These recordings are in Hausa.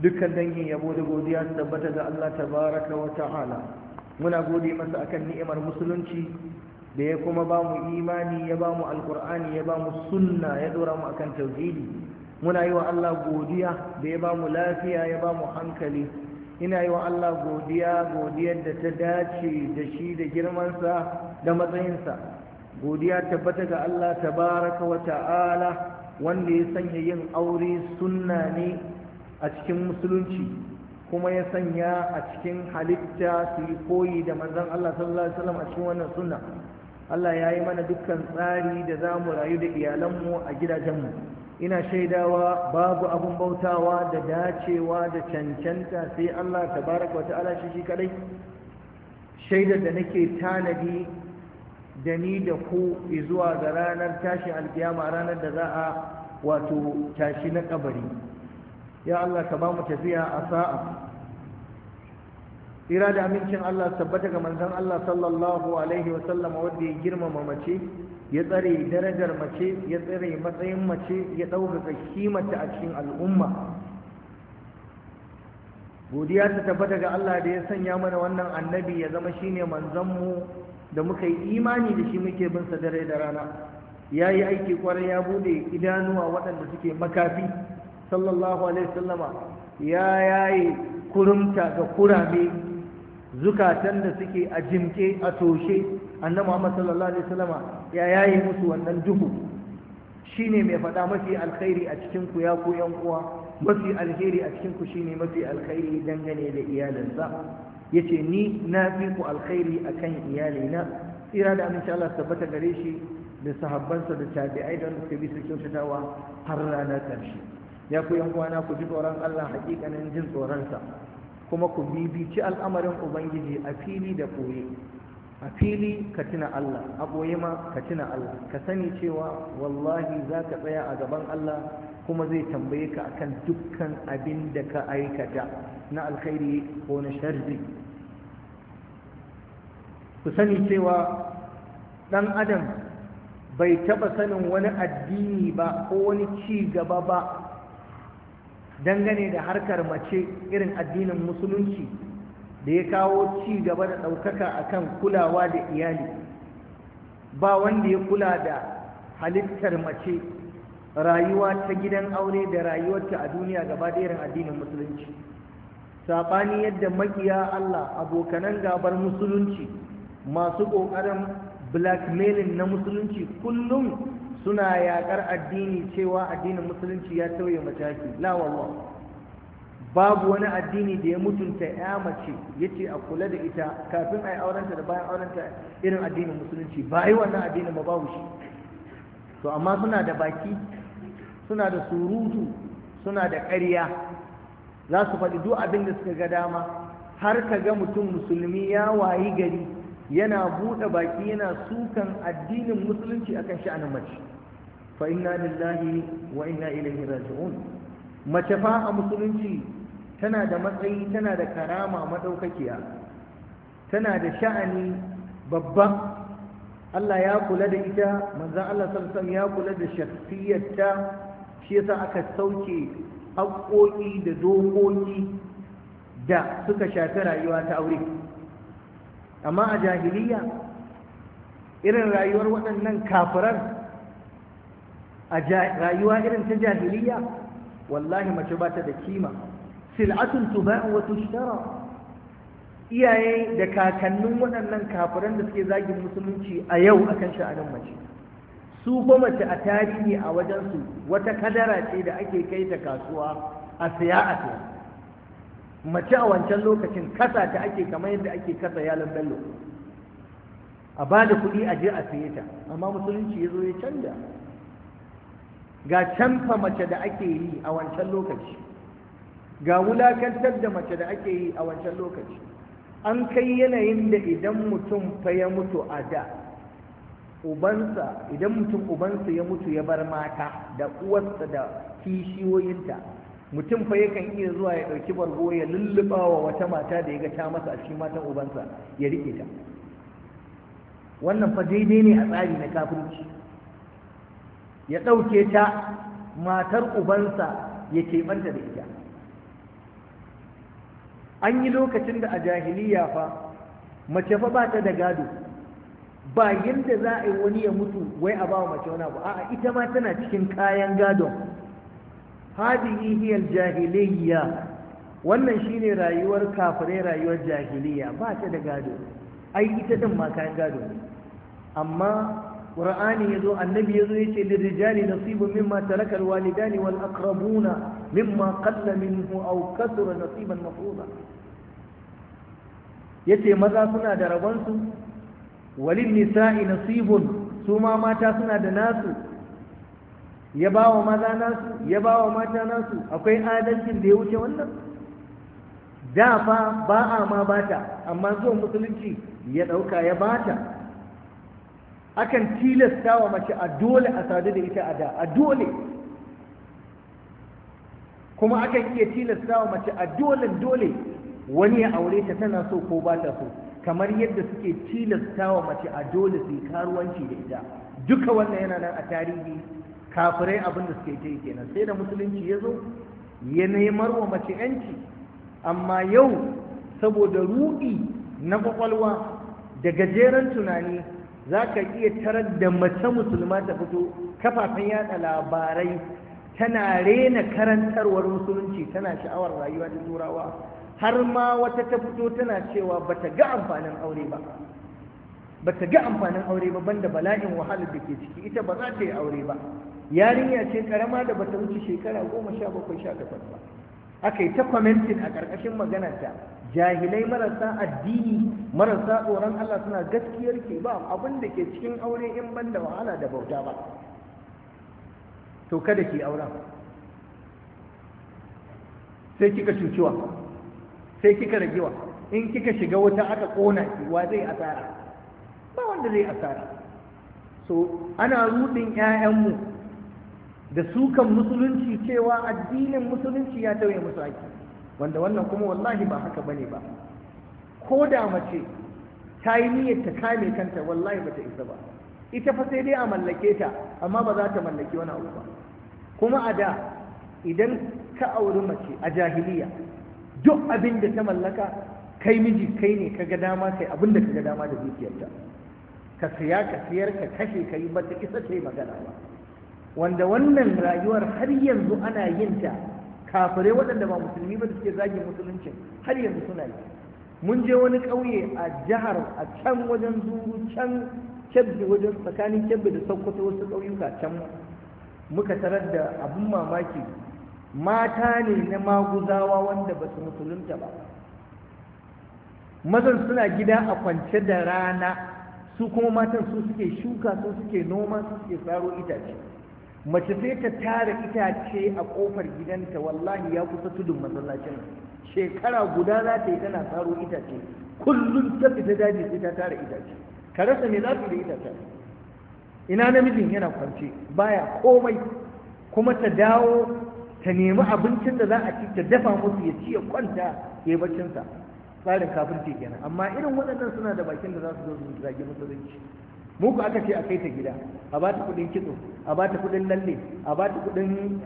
dukkan dangin yabo da godiya su tabbata ga Allah tabaraka wa ta'ala muna gode masa akan ni'imar musulunci da ya kuma ba mu imani ya ba mu alkur'ani ya ba mu sunna ya dora mu akan tauhidi muna yi wa Allah godiya da ya ba mu lafiya ya ba mu hankali ina yi wa Allah godiya godiyar da ta dace da shi da girmansa da matsayinsa godiya tabbata ga Allah tabaraka wa ta'ala wanda ya sanya yin aure sunna ne a cikin musulunci kuma ya sanya a cikin halitta su yi koyi da manzan Allah sallallahu alaihi wasallam a cikin wannan sunna Allah ya yi mana dukkan tsari da za mu rayu da iyalanmu a gidajenmu ina shaidawa babu abun bautawa da dacewa da cancanta sai Allah tabaraka wa ta'ala shi shi kadai shaidar da nake tanadi da ni da ku zuwa ga ranar tashin alkiyama ranar da za a wato tashi na kabari ya Allah ka ba mu tafiya a sa'a ira da amincin Allah tabbata ga manzon Allah sallallahu alaihi sallam wanda ya girmama mace ya tsare darajar mace ya tsare matsayin mace ya ɗaukaka kimanta a cikin al'umma godiya ta tabbata ga Allah da ya sanya mana wannan annabi ya zama shine mu da muka yi imani da shi muke bin sa dare da rana yayi aiki kwarai ya bude idanuwa waɗanda suke makafi sallallahu alaihi wasallama ya yayi kurumta ga kurabe zukatan da suke a jimke a toshe annabi Muhammad sallallahu alaihi wasallama ya yayi musu wannan duhu shine mai faɗa mafi alkhairi a cikin ku ya ku yan uwa mafi alkhairi a cikin ku shine mafi alkhairi dangane da iyalinsa yace ni na fi ku alkhairi akan iyalina tsira da aminci Allah tabbata gare shi da sahabbansa da tabi'ai da wanda suka bi su kyautatawa har ranar ƙarshe ya ku yan kwana ku ji tsoron Allah hakikanin jin tsoron sa kuma ku bibici al'amarin ubangiji a fili da koye a fili ka tuna Allah a koye ma ka tuna Allah ka sani cewa wallahi za ka tsaya a gaban Allah kuma zai tambaye ka akan dukkan abin da ka aikata na alkhairi ko na sharri ku sani cewa dan adam bai taɓa sanin wani addini ba ko wani ci gaba ba dangane da harkar mace irin addinin musulunci da ya kawo ci gaba da ɗaukaka akan kulawa da iyali ba wanda ya kula da halittar mace rayuwa ta gidan aure da rayuwarta a duniya gaba da irin addinin musulunci saɓani yadda makiya Allah abokanan gabar musulunci masu ƙoƙarin blackmailing na musulunci kullum suna yakar addini cewa addinin musulunci ya tauye mataki la wallah babu wani addini da ya mutunta ya mace yace a kula da ita kafin ai aurenta da bayan aurenta irin addinin musulunci ba ai wannan addinin ba babu shi to amma suna da baki suna da surutu suna da ƙarya za su faɗi duk abin da suka ga dama har ka ga mutum musulmi ya wayi gari yana buɗe baki yana sukan addinin musulunci akan sha'anin mace fa lillahi wa inna ilaihi raji'un mace fa a musulunci tana da matsayi tana da karama maɗaukakiya, tana da sha'ani babba Allah ya kula da ita manzon Allah sallallahu ya kula da shakhsiyarta shi yasa aka sauke haƙoƙi da dokoki da suka shafi rayuwa ta aure amma a jahiliya irin rayuwar waɗannan kafirar a rayuwa irin ta jahiliya wallahi mace ba ta da kima sil'atun tuba'u wa tushtara iyaye da kakannin waɗannan kafiran da suke zagin musulunci a yau akan sha'anin mace su ko mace a tarihi a su wata kadara ce da ake kai ta kasuwa a siya a siya mace a wancan lokacin kasa ta ake kamar yadda ake kasa yalon bello a ba da kuɗi a je a siye ta amma musulunci ya zo ya canja ga canfa mace da ake yi a wancan lokaci ga wulakantar da mace da ake yi a wancan lokaci an kai yanayin da idan mutum fa ya mutu a da ubansa idan mutum ubansa ya mutu ya bar mata da uwarsa da kishiyoyinta mutum fa yakan iya zuwa ya ɗauki bargo ya lulluɓa wa wata mata da ya ga ta masa a cikin matan ubansa ya riƙe ta wannan fa daidai ne a tsari na kafirci ya ɗauke ta matar ubansa ya keɓanta da ita an yi lokacin da a jahiliya fa mace fa ba ta da gado ba yadda za a yi wani ya mutu wai a wa mace wani abu a'a ita ma tana cikin kayan gadon hadihi hiyal jahiliya wannan shine rayuwar kafirai rayuwar jahiliya ba ta da gado ai ita din ma kayan gado amma qur'ani yazo annabi yazo yace lil rijali nasibun mimma talakar walidani wal aqrabuna mimma qalla minhu aw kathura nasiban mafruḍa yace maza suna da rabon su walin nisa'i nasibun su ma mata suna da nasu ya bawa maza nasu ya mata nasu akwai adalcin da ya wuce wannan da fa ba a ma bata amma zuwan musulunci ya ɗauka ya bata akan tilasta wa mace a dole a sadu da ita a da a dole kuma akan iya tilasta wa mace a dole dole wani ya aure ta tana so ko ba ta so kamar yadda suke tilasta wa mace a dole su karuwanci da ita duka wannan yana nan a tarihi kafirai abin da suke yi kenan sai da musulunci ya zo ya nemar wa mace yanci amma yau saboda ruɗi na kwakwalwa da gajeren tunani za ka iya tarar da mace musulma ta fito kafafen yada labarai tana rena karantarwar musulunci tana sha'awar rayuwa da turawa har ma wata ta fito tana cewa ba ta ga amfanin aure ba ba ta ga amfanin aure ba banda bala'in wahala da ke ciki ita ba za ta yi aure ba yarinya ce karama da bata wuce shekara goma sha bakwai sha takwas ba aka yi ta kwamentin a ƙarƙashin maganarta jahilai marasa addini marasa tsoron Allah suna gaskiyar ke ba abin da ke cikin aure in ban da wahala da bauta ba to kada ki aura sai kika cuciwa sai kika ragewa in kika shiga wata aka kona ki wa zai asara ba wanda zai asara so ana rudin ƴaƴanmu da sukan musulunci cewa addinin musulunci ya tauye musu aiki. wanda wannan kuma wallahi ba haka bane ba ko da mace ta yi niyyar ta kame kanta wallahi ba ta isa ba ita fa sai dai a mallake ta amma ba za ta mallaki wani abu ba kuma a da idan ka auri mace a jahiliya duk abin da ta mallaka kai miji kai ne ka ga dama kai abin da ka ga dama da dukiyarta ka siya ka siyar ka kashe ka yi ba ta isa ta yi magana ba wanda wannan rayuwar har yanzu ana yin ta kafirai waɗanda ba musulmi ba suke zage musuluncin har yanzu suna yi mun je wani ƙauye a jihar a can wajen zuru can kebbi wajen tsakanin kebbi da sokoto wasu ƙauyuka can muka tarar da abin mamaki mata ne na maguzawa wanda ba su musulunta ba mazan suna gida a kwance da rana su kuma matan su suke shuka su suke noma su suke tsaro itace mace sai ta tara itace a kofar gidanta wallahi ya kusa tudun masallacin shekara guda za ta yi tana tsaro itace kullum ta fita daji sai ta tara itace ka rasa me za su da itace ina namijin yana kwance baya komai kuma ta dawo ta nemi abincin da za a ci ta dafa musu ya ci ya kwanta ya bacinsa baccinsa tsarin kafin kenan amma irin waɗannan suna da bakin da za su zo su zage musulunci mu aka ce a kai ta gida a ba ta kudin kitso a ba ta kudin lalle a ba ta kudin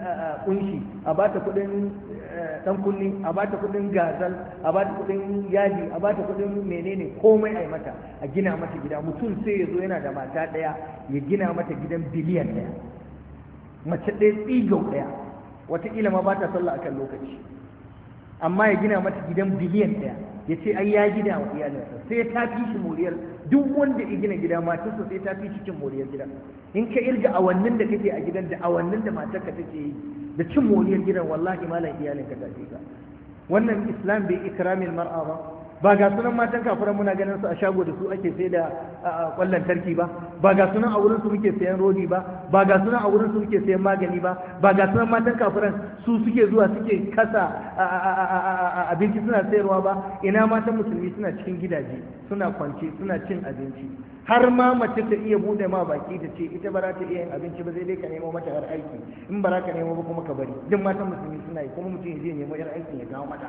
kunshi eh, eh, a ba ta kudin dan eh, kunni a ba ta kudin gazal a ba ta kudin yaji a ba ta kudin menene komai ai mata a gina mata gida mutum sai ya zo yana da mata daya ya gina mata gidan biliyan daya mace ɗaya tsigau ɗaya wataƙila ma ba ta sallah akan lokaci amma ya gina mata gidan biliyan ɗaya ya ce ai ya gida wa iyalinsa sai ta tafi shi moriyar duk wanda ya gina gida matarsa sai ta fi shi cin moriyar gida in ka irga awannin da kake a gidan da awannin da matarka take yi da cin moriyar gidan wallahi malam iyalinka ka ka wannan islam bai ikramin mar'a ba ba ga sunan matan kafiran muna ganin su a shago da su ake sai da kwallon tarki ba ba ga sunan a wurin su muke sayan rodi ba ba ga sunan a wurin su muke sayan magani ba ba ga sunan matan kafiran su suke zuwa suke kasa abinci suna sayarwa ba ina matan musulmi suna cikin gidaje suna kwance suna cin abinci har ma mace ta iya bude ma baki ta ce ita ba za ta iya yin abinci ba zai dai ka nemo mata yar aiki in ba za ka nemo ba kuma ka bari duk matan musulmi suna yi kuma mutum ya je nemo yar aikin ya kawo mata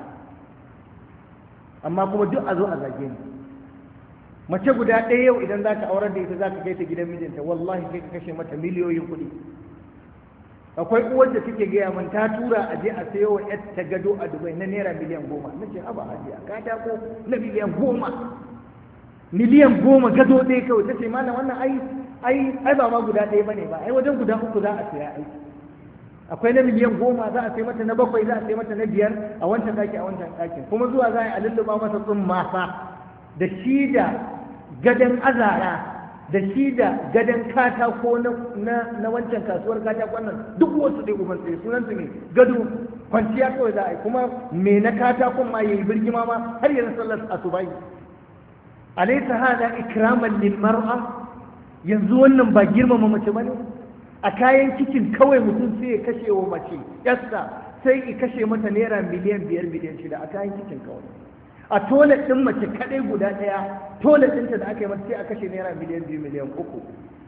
amma kuma duk a zo a zage ni mace guda ɗaya yau idan za ka aurar da ita za ka kai ta gidan mijinta wallahi kai ka kashe mata miliyoyin kuɗi akwai uwar da take gaya min ta tura a je a sayo wa yar ta gado a dubai na naira miliyan goma na ce haba hajiya ka ta na miliyan goma miliyan goma gado ɗaya kawai ta ce mana wannan ai ai ba ma guda ɗaya bane ba ai wajen guda uku za a saya aiki akwai na miliyan goma za a sai mata na bakwai za a sai mata na biyar a wancan daki a wancan daki kuma zuwa za a yi lulluɓa masa tsumma fa da shi da gadon azara da shi da gadon katako na wancan kasuwar katakon nan duk wasu dai uban sai sunan su ne gado kwanciya kawai za a yi kuma me na katakon ma yayi birgima ma har yanzu sallar asubai alaysa hada ikraman lil mar'a yanzu wannan ba girmama mace bane a kayan cikin kawai mutum sai ya kashe wa mace yasta sai ya kashe mata naira miliyan biyar miliyan shida a kayan cikin kawai a tolet ɗin mace kaɗai guda ɗaya tolet ɗinta da aka yi mata sai a kashe naira miliyan biyu miliyan uku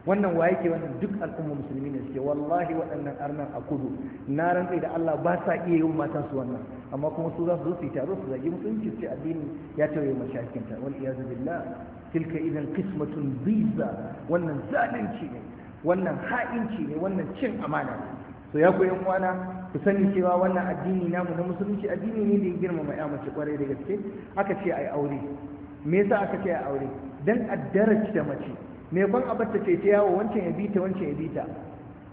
wannan waye ke wannan duk al'umma musulmi ne suke wallahi waɗannan arnan a kudu na rantse da Allah ba sa iya yin matan su wannan amma kuma su za su zo su yi taro su zagi musulunci su ce addini ya tauye mashakinta wal iyazu billah tilka idan qismatun biza wannan zalunci ne wannan ha'inci ne wannan cin amana so ya koyan wana ku sani cewa wannan addini namu na musulunci addini ne da ya girmama ya mace kwarai da gaske aka ce ai aure me yasa aka ce ai aure dan addaraci da mace me ban abarta ce ta yawo wancan ya bita wancan ya bita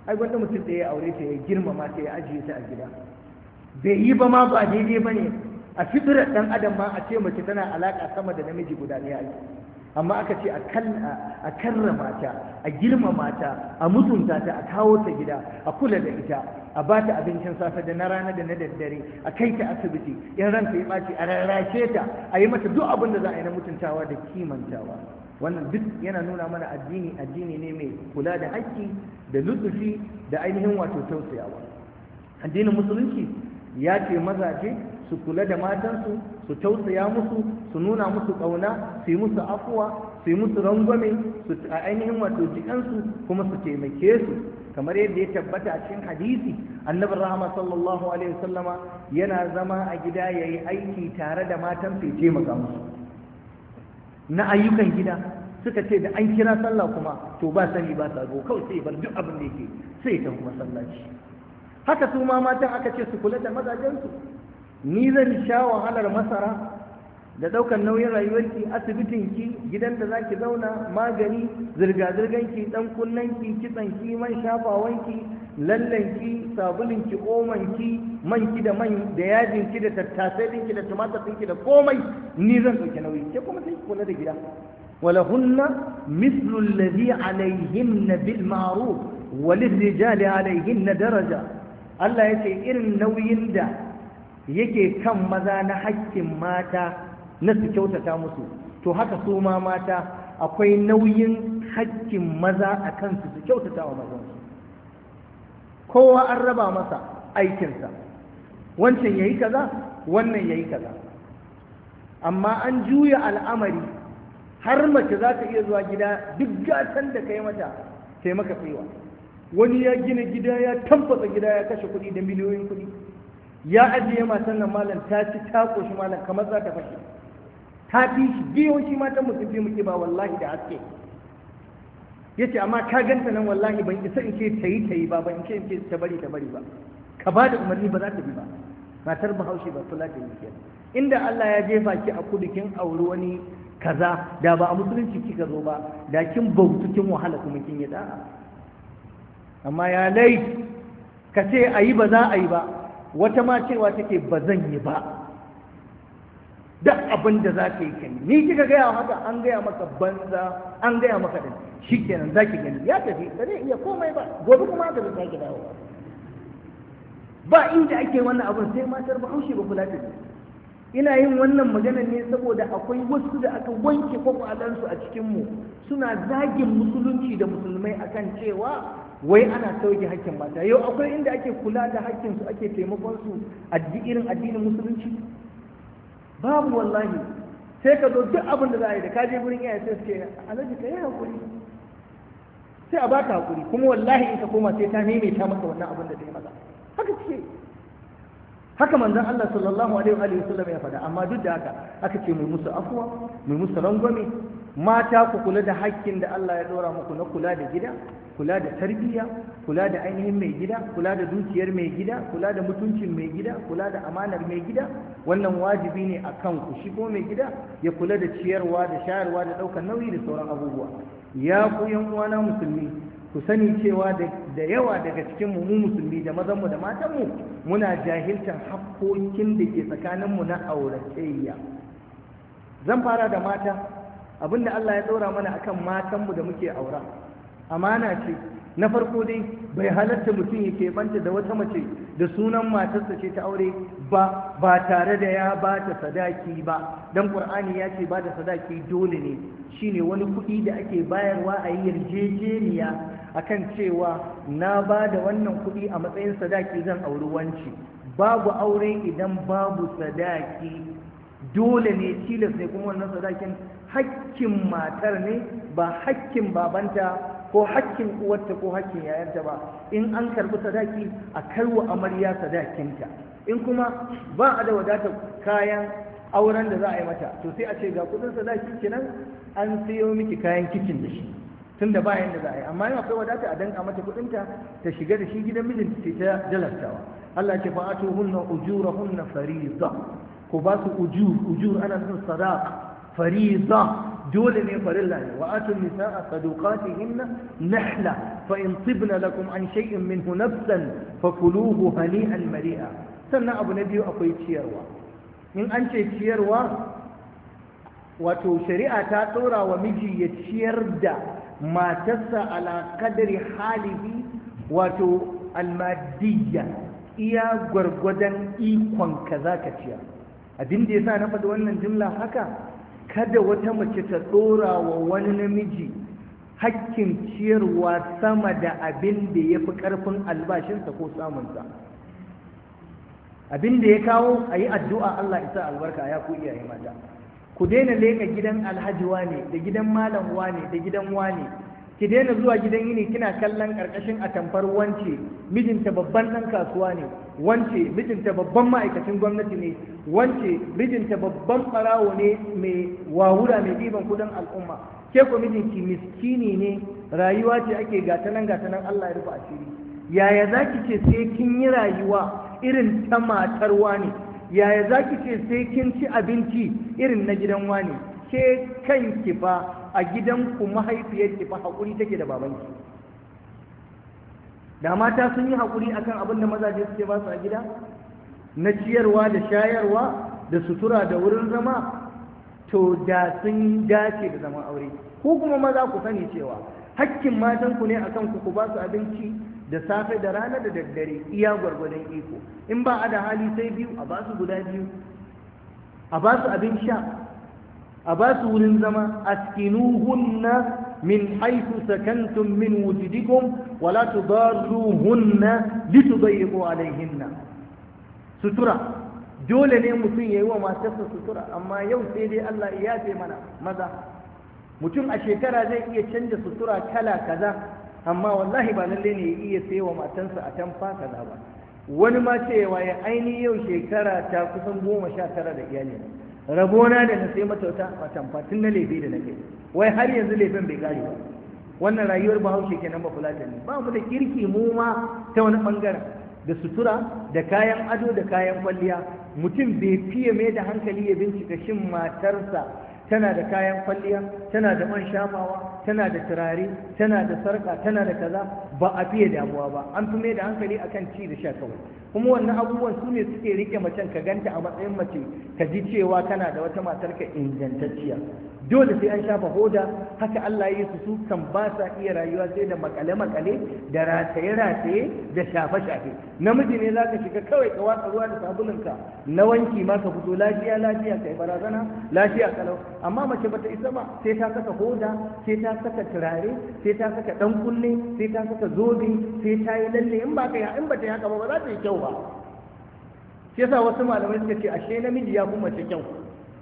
ai gwanda mutum ɗaya ya aure ta ya girmama ta ya ajiye ta a gida bai yi ba ma ba daidai ba ne a fitirar ɗan adam ma a ce mace tana alaƙa sama da namiji guda ɗaya amma aka ce a karrama ta a girmama ta a mutunta ta a kawo ta gida a kula da ita a ba ta abincin safe da na rana da na daddare a kai ta asibiti in ranta ya ɓaci a rarrashe ta a yi mata duk abin da za a yi na mutuntawa da kimantawa wannan duk yana nuna mana addini addini ne mai kula da haƙƙi da lutsufi da ainihin wato tausayawa addinin musulunci ya ce mazaje su kula da matansu su tausaya musu su nuna musu ƙauna su yi musu afuwa su yi musu rangwame su a ainihin wato jikansu kuma su taimake su kamar yadda ya tabbata a cikin hadisi annabi rahama sallallahu alaihi wasallama yana zama a gida ya yi aiki tare da matan su taimaka musu na ayyukan gida suka ce da an kira sallah kuma to ba sani ba sa go kawai sai bar duk abin da yake sai ta kuma sallaci haka su ma matan aka ce su kula da mazajensu ni zan sha wahalar masara da ɗaukar nauyin rayuwarki asibitinki gidan da zaki zauna magani zirga-zirganki ɗan kunnanki kitsanki man shafawanki lallanki sabulinki omanki manki da man da yajinki da tattasarinki da tumatarinki da komai ni zan dauke nauyi ke kuma sai da gida Wala walahunna mislu alladhi alayhinna bil ma'ruf rijali alayhinna daraja Allah yace irin nauyin da yake kan maza na haƙƙin mata na su kyautata musu to haka su ma mata akwai nauyin haƙƙin maza a kansu su kyautata wa mazansu kowa an raba masa aikinsa wancan ya yi kaza wannan ya yi kaza amma an juya al'amari har mace za ta iya zuwa gida duk gatan da ka yi mata sai maka tsiwa wani ya gina gida ya tamfasa gida ya kashe kuɗi da miliyoyin kuɗi ya ajiye matan nan malam ta ci ta koshi malam kamar za ta fashe ta fi shi biyo shi matan mutum fi muke ba wallahi da haske ya ce amma ka ganta nan wallahi ban isa in ce ta yi ta yi ba ban ce in ce ta bari ta bari ba ka ba da umarni ba za ta bi ba matar bahaushe ba su da yake inda Allah ya jefa ki a kudu kin auri wani kaza da ba a musulunci kika zo ba da kin bautu kin wahala kuma kin yi da'a amma ya lai ka ce a yi ba za a yi ba wata ma cewa take ba zan yi ba duk abin da za ka yi kai ni kika gaya haka an gaya maka banza an gaya maka da shi kenan za ki gani ya tafi ba zai iya komai ba gobe kuma haka zai ki dawo ba inda ake wannan abin sai matar haushi ba kula ta ina yin wannan magana ne saboda akwai wasu da aka wanke kwakwalansu a cikinmu suna zagin musulunci da musulmai akan cewa wai ana sauke hakkin mata yau akwai inda ake kula da hakkin su ake taimakon su irin addinin musulunci babu wallahi sai ka zo duk abin da za a yi da ka je gurin iyaye sai su ce alaji ka yi hakuri sai a baka hakuri kuma wallahi in ka koma sai ta ta maka wannan abin da ta yi maka haka ce haka manzon Allah sallallahu alaihi wa sallam ya faɗa amma duk da haka aka ce mu musu afwa mu musu rangwame mata ku kula da hakkin da Allah ya dora muku na kula da gida kula da tarbiyya kula da ainihin mai gida kula da dukiyar mai gida kula da mutuncin mai gida kula da amanar mai gida wannan wajibi ne a ku, shi ko mai gida ya kula da ciyarwa da shayarwa da ɗaukar nauyi da sauran abubuwa ya ku yan uwana musulmi ku sani cewa da yawa daga cikin mu mu musulmi da mazan mu da matan mu muna jahiltar hakkokin da ke tsakanin mu na auratayya zan fara da mata Abin da Allah ya ɗora mana a kan matanmu da muke aura amana ce na farko dai bai halatta mutum ya banta da wata mace da sunan matarsa ce ta aure ba ba tare da ya ba ta sadaki ba don ƙur'ani ya ce ba ta sadaki dole ne shine wani kuɗi da ake bayarwa a yi yarjejeniya kan cewa na ba da wannan kuɗi a matsayin sadaki zan auri wanci babu aure idan babu sadaki dole ne tilas ne kuma wannan sadakin hakkin matar ne ba hakkin babanta ko hakkin uwarta ko hakkin yayarta ba in an karbi sadaki a karwa amarya sadakinta in kuma ba a da wadatar kayan auren da za a yi mata to sai a ce ga kudin sadaki kenan an siyo miki kayan kicin da shi tun da bayan da za a yi amma yau akwai wadata a danka mata kudinta ta shiga da shi gidan mijin ce ta jalastawa Allah ce fa'atu hunna ujurahunna fariida ko ba su ujur ujur ana nufin sadaq فريضة دول من فرلا la النساء صدوقاتهن نحلة فإن طبن لكم عن شيء منه نفسا فكلوه هنيئا مريئا سنة akwai نبي in تشيروا ce أنت تشيروا wato shari'a ta tsora wa miji ya ciyar da matarsa ala kadari halibi wato almadiyya iya gwargwadon ikon ka za ka ciyar abin da ya sa na faɗi wannan jumla haka kada wata mace ta ɗora wa wani namiji hakkin ciyarwa sama da abin da ya fi ƙarfin albashinsa ko samunsa abin da ya kawo a yi addu'a Allah isa albarka ya ku iyaye mata ku daina leƙa gidan alhaji wane da gidan malam wane da gidan wane ki daina zuwa gidan yini kina kallon karkashin atamfar wance mijinta babban dan kasuwa ne wance mijinta babban ma'aikacin gwamnati ne wance mijinta babban ɓarawo ne mai wahura mai ɗiban kudin al'umma ke ko mijinki miskini ne rayuwa ce ake gatanan gatanan Allah ya rufe asiri yaya za ki ce sai kin yi rayuwa irin ta matar ne? yaya za ki ce sai kin ci abinci irin na gidan wani ke kanki fa a gidanku mahaifiyar fa haƙuri take da babanki da mata sun yi haƙuri akan abin da mazaje suke ba su a gida na ciyarwa da shayarwa da sutura da wurin zama to da sun dace da zaman aure ko kuma maza ku sani cewa hakkin matan ku ne akan ku ku ba su abinci da safe da rana da daddare iya gwargwadon iko in ba a da hali sai biyu a ba su guda biyu a ba su abin sha a ba su wurin zama askinuhunna min haythu sakantum min wujudikum wa la tudarruhunna litudayyiqu alayhinna sutura dole ne mutum yayi wa matarsa sutura amma yau sai dai Allah ya ce mana maza mutum a shekara zai iya canja sutura kala kaza amma wallahi ba lalle ne ya iya sai wa matansa a tamfa kaza ba wani ma cewa ya aini yau shekara ta kusan goma sha tara da iyali rabona da na sai matauta a tamfatin na laifi da na kai wai har yanzu laifin bai gari ba wannan rayuwar bahaushe kenan ba kula ne ba mu da kirki mu ma ta wani bangaren da sutura da kayan ado da kayan kwalliya mutum bai fiye mai da hankali ya bincika shin matarsa tana da kayan kwalliya tana da man shafawa tana da turare tana da sarka tana da kaza ba a fiye damuwa ba an fi mai da hankali akan ci da sha kawai kuma wannan abubuwan su ne suke rike macen ka ganta a matsayin mace ka ji cewa kana da wata matar ka ingantacciya dole sai an shafa hoda haka Allah ya yi su kan ba sa iya rayuwa sai da makale makale da rataye rataye da shafe shafe namiji ne zaka shiga kawai ka watsa ruwa da sabulunka na wanki ma ka fito lafiya lafiya kai barazana lafiya kalau amma mace bata isa ba sai ta ta saka hoda sai ta saka turare sai ta saka dan kunne sai ta saka zobe sai ta yi lalle in ba ka ya in ba ta haka ba ba za ta yi kyau ba shi yasa wasu malamai suka ce ashe namiji ya kuma ta kyau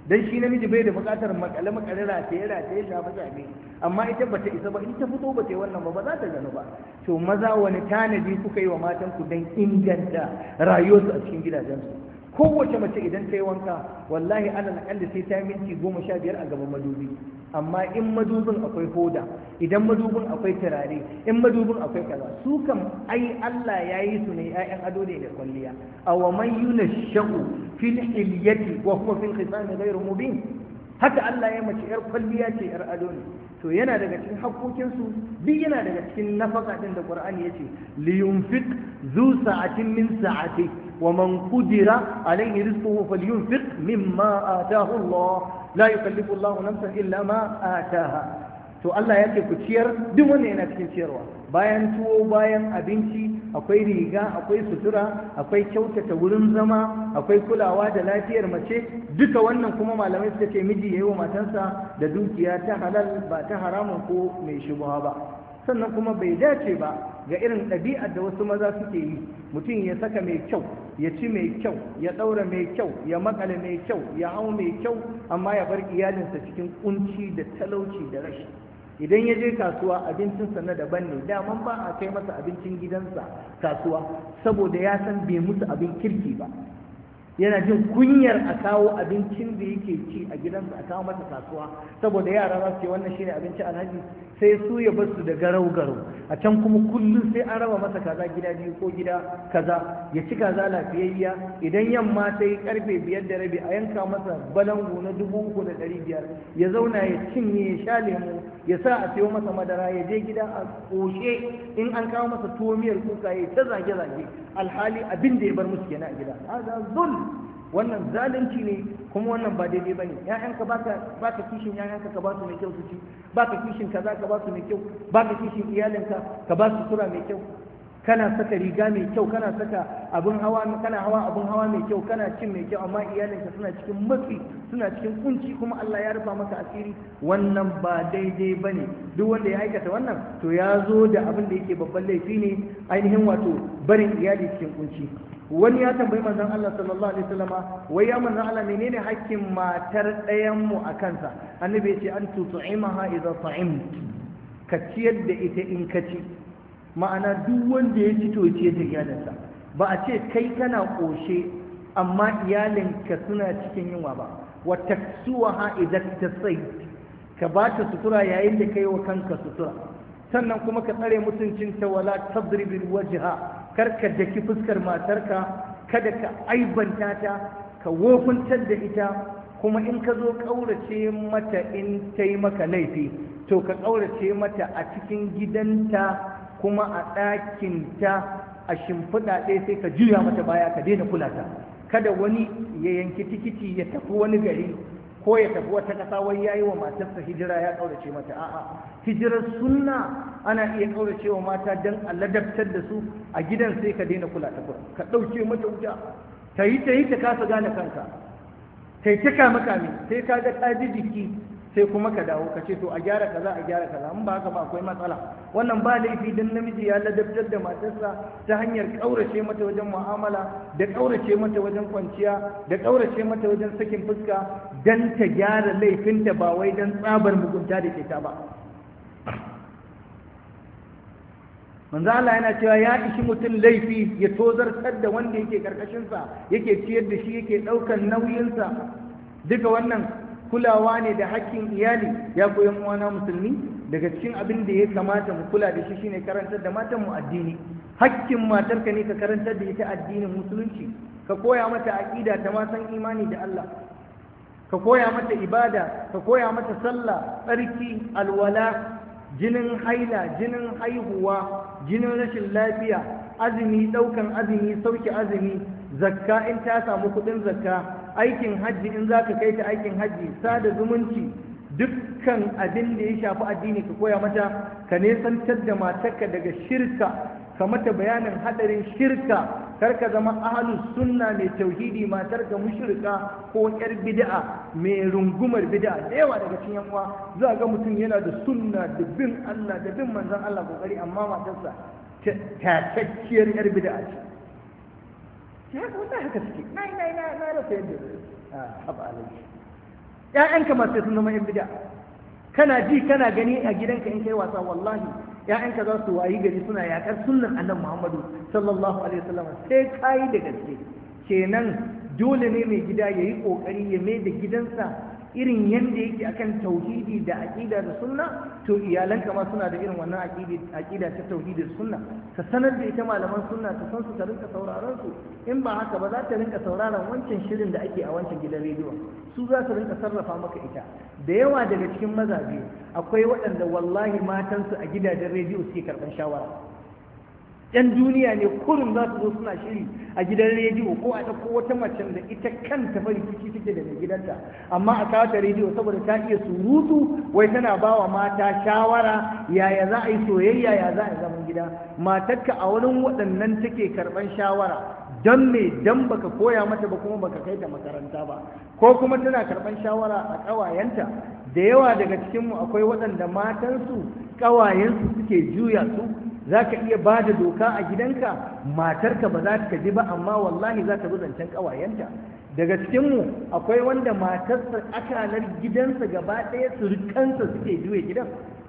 dan shi namiji bai da bukatar makale makale da rataye shafe shafe amma ita bata isa ba in ta fito ba ta yi wannan ba ba za ta gano ba to maza wani tanadi kuka yi wa matan ku dan inganta rayuwarsu a cikin gidajensu kowace mace idan ta yi wanka wallahi ana akalli sai ta minti goma sha biyar a gaban madubi amma in madubin akwai hoda idan madubin akwai turare in madubin akwai kaza su kam ai Allah ya yi su ne 'ya'yan ado ne da kwalliya aw man sha'u fil hilyati wa huwa fil khisam ghayr mubin haka Allah ya mace yar kwalliya ce yar ado ne to yana daga cikin haƙoƙinsu duk yana daga cikin nafaka din da Qur'ani yace liyunfiq zu sa'atin min sa'ati ومن قدر عليه رزقه فلينفق مما آتاه الله لا يكلف الله نفسا إلا ما آتاها to Allah ya ce ku ciyar duk wanda yana cikin ciyarwa bayan tuwo bayan abinci akwai riga akwai sutura akwai kyautata wurin zama akwai kulawa da lafiyar mace duka wannan kuma malamai suka ce miji yayi wa matansa da dukiya ta halal ba ta haramun ko mai shubha ba sannan kuma bai dace ba ga irin ɗabi'ar da wasu maza suke yi mutum ya saka mai kyau ya ci mai kyau ya ɗaura mai kyau ya makale mai kyau ya hau mai kyau amma ya bar iyalinsa cikin ƙunci da talauci da rashi idan ya je kasuwa abincinsa na daban ne daman ba a kai masa abincin gidansa kasuwa saboda ya san bai musu abin kirki ba yana jin kunyar a kawo abincin da yake ci a gidansa a kawo masa kasuwa saboda yara za su ce wannan shine abinci alhaji sai su ya basu da garau garau a can kuma kullum sai an raba masa kaza gida biyu ko gida kaza ya ci kaza lafiyayya idan yamma ta yi karfe biyar da rabi a yanka masa balangu na dubu uku da ɗari biyar ya zauna ya cinye ya sha lemu ya sa a sayo masa madara ya je gida a koshe in an kawo masa tuwo miyar kuka ya ta zage zage alhali abin da ya bar musu kenan a gida ga zul wannan zalunci ne kuma wannan ba daidai bane ƴaƴanka baka baka kishin ƴaƴanka ka ba su mai kyau su ci baka kishin kaza ka ba su mai kyau baka kishin iyalinka ka ba su sura mai kyau kana saka riga mai kyau kana saka abin hawa kana hawa abin hawa mai kyau kana cin mai kyau amma iyalinka suna cikin matsi suna cikin kunci kuma Allah ya rufa maka asiri wannan ba daidai bane duk wanda ya aikata wannan to ya zo da abin da yake babban laifi ne ainihin wato barin iyali cikin kunci wani ya tambayi manzon Allah sallallahu alaihi wai ya manzon Allah menene hakkin matar ɗayan mu a kansa annabi ya ce an tutu'imaha idza ta'imt ka ciyar da ita in ka ci ma'ana duk wanda ya ci toce da iyalinsa ba a ce kai kana ƙoshe amma iyalinka suna cikin yunwa ba wa taksuwa ha idan ta sai ka ba ta sutura yayin da kai wa kanka sutura sannan kuma ka tsare mutuncinta wala tadribil wajha kar ka daki fuskar matarka kada ka aibanta ta ka wofuntar da ita kuma in ka zo ƙaurace mata in ta yi maka laifi to ka ƙaurace mata a cikin gidanta kuma a ta a shimfiɗa ɗaya sai ka juya mata baya ka daina kula ta kada wani ya yanki tikiti ya tafi wani gari ko ya tafi wata ƙasa wai ya yi wa matarsa hijira ya ƙaurace mata a'a hijirar sunna ana iya ƙaurace wa mata don a ladabtar da su a gidan sai ka daina kula ta ka ɗauke mata wuta ta yi ta yi ta kasa gane kanka ta yi ta kame kame sai ka ga ta ji jiki sai kuma ka dawo ka ce to a gyara kaza a gyara kaza in ba haka ba akwai matsala wannan ba laifi dan namiji ya ladabtar da matarsa ta hanyar kaurace mata wajen mu'amala da kaurace mata wajen kwanciya da kaurace mata wajen sakin fuska dan ta gyara laifin ta ba wai dan tsabar mugunta da ke ta ba manzo Allah yana cewa ya ishi mutum laifi ya tozartar da wanda yake karkashinsa yake ciyar da shi yake ɗaukan nauyinsa duka wannan kulawa ne da hakkin iyali ya koyi wani musulmi daga cikin abin da ya kamata mu kula da shi shine karantar da matan mu addini hakkin matarka ne ka karantar da ita addinin musulunci ka koya mata aqida ta ma san imani da Allah ka koya mata ibada ka koya mata sallah tsarki alwala jinin haila jinin haihuwa jinin rashin lafiya azumi daukan azumi sauki azumi zakka in ta samu kudin zakka aikin hajji in za ka kai ta aikin hajji sada zumunci dukkan abin da ya shafi addini ka koya mata ka nesantar da matarka daga shirka ka mata bayanin hadarin shirka kar ka zama ahlus sunna mai tauhidi matarka mushrika ko yar bid'a mai rungumar bid'a da yawa daga cikin yan uwa za ga mutum yana da sunna da bin Allah da bin manzon Allah kokari amma matarsa tatacciyar yar bid'a ce ce ya kuma haka suke na na na na rasa yadda a ah, haɓa alaji ƴaƴanka masu sun zama yan bida kana ji kana gani a gidanka in yi wasa wallahi ƴaƴanka za su wayi gari suna yaƙar sunnan annabi Muhammadu sallallahu alaihi wasallam sai kai da gaske kenan dole ne mai gida yayi kokari ya mai da gidansa irin yadda yake akan tauhidi da aqida da sunna to iyalanka ma suna da irin wannan aqida ta tauhidi da sunna ka sanar da ita malaman sunna ta san su ta rinka sauraron su in ba haka ba za ta rinka sauraron wancan shirin da ake a wancan gidan rediyo su za su rinka sarrafa maka ita da yawa daga cikin mazaje akwai waɗanda wallahi matansu a gidajen rediyo suke karɓar shawara yan duniya ne kurin za su zo suna shiri a gidan rediyo ko a ɗauko wata macen da ita kanta bari ciki take da mai gidanta amma a kawata rediyo saboda ta iya surutu wai tana ba wa mata shawara yaya za a yi soyayya ya za a yi zaman gida matarka a wurin waɗannan take karɓan shawara don me don baka koya mata ba kuma baka kai ta makaranta ba ko kuma tana karɓan shawara a ƙawayenta da yawa daga cikinmu akwai waɗanda matansu ƙawayensu suke juya su za ka iya ba da doka a gidanka matarka ba za ta ji ba amma wallahi za ta bi zancen ƙawayenta daga cikinmu akwai wanda matarsa akalar gidansa gaba ɗaya surukansa suke juye gidan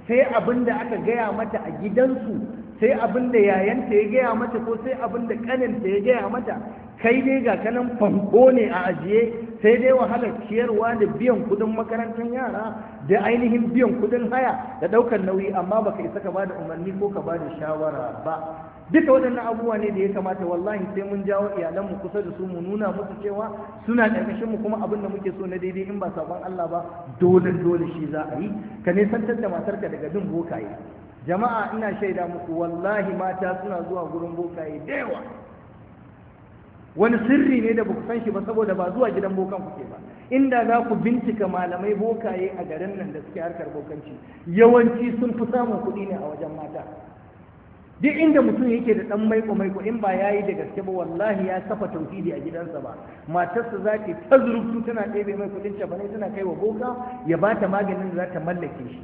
sai abin da aka gaya mata a gidansu sai abinda yayanta ya gaya mata ko sai abin da ƙaninta ya gaya mata kai dai ga kanan fanko ne a ajiye sai dai wahalar ciyarwa da biyan kudin makarantar yara da ainihin biyan kudin haya da daukar nauyi amma baka isa ka bada umarni ko ka bada shawara ba duka waɗannan abubuwa ne da ya kamata wallahi sai mun jawo iyalan mu kusa da su mu nuna musu cewa suna ƙarƙashin mu kuma abin da muke so na daidai in ba sabon Allah ba dole dole shi za a yi ka nisantar da matarka daga bin bokaye jama'a ina shaida muku wallahi mata suna zuwa gurin bokaye da yawa wani sirri ne da ba ku san shi ba saboda ba zuwa gidan bokan ku ke ba inda za ku bincika malamai bokaye a garin nan da suke harkar bokanci yawanci sun fi samun kuɗi ne a wajen mata duk inda mutum yake da ɗan maiko maiko in ba yi da gaske ba wallahi ya kafa tauhidi a gidansa ba matarsa za ta tazurubtu tana ɗebe mai kuɗin cefane tana kai wa boka ya ba ta maganin da za ta mallake shi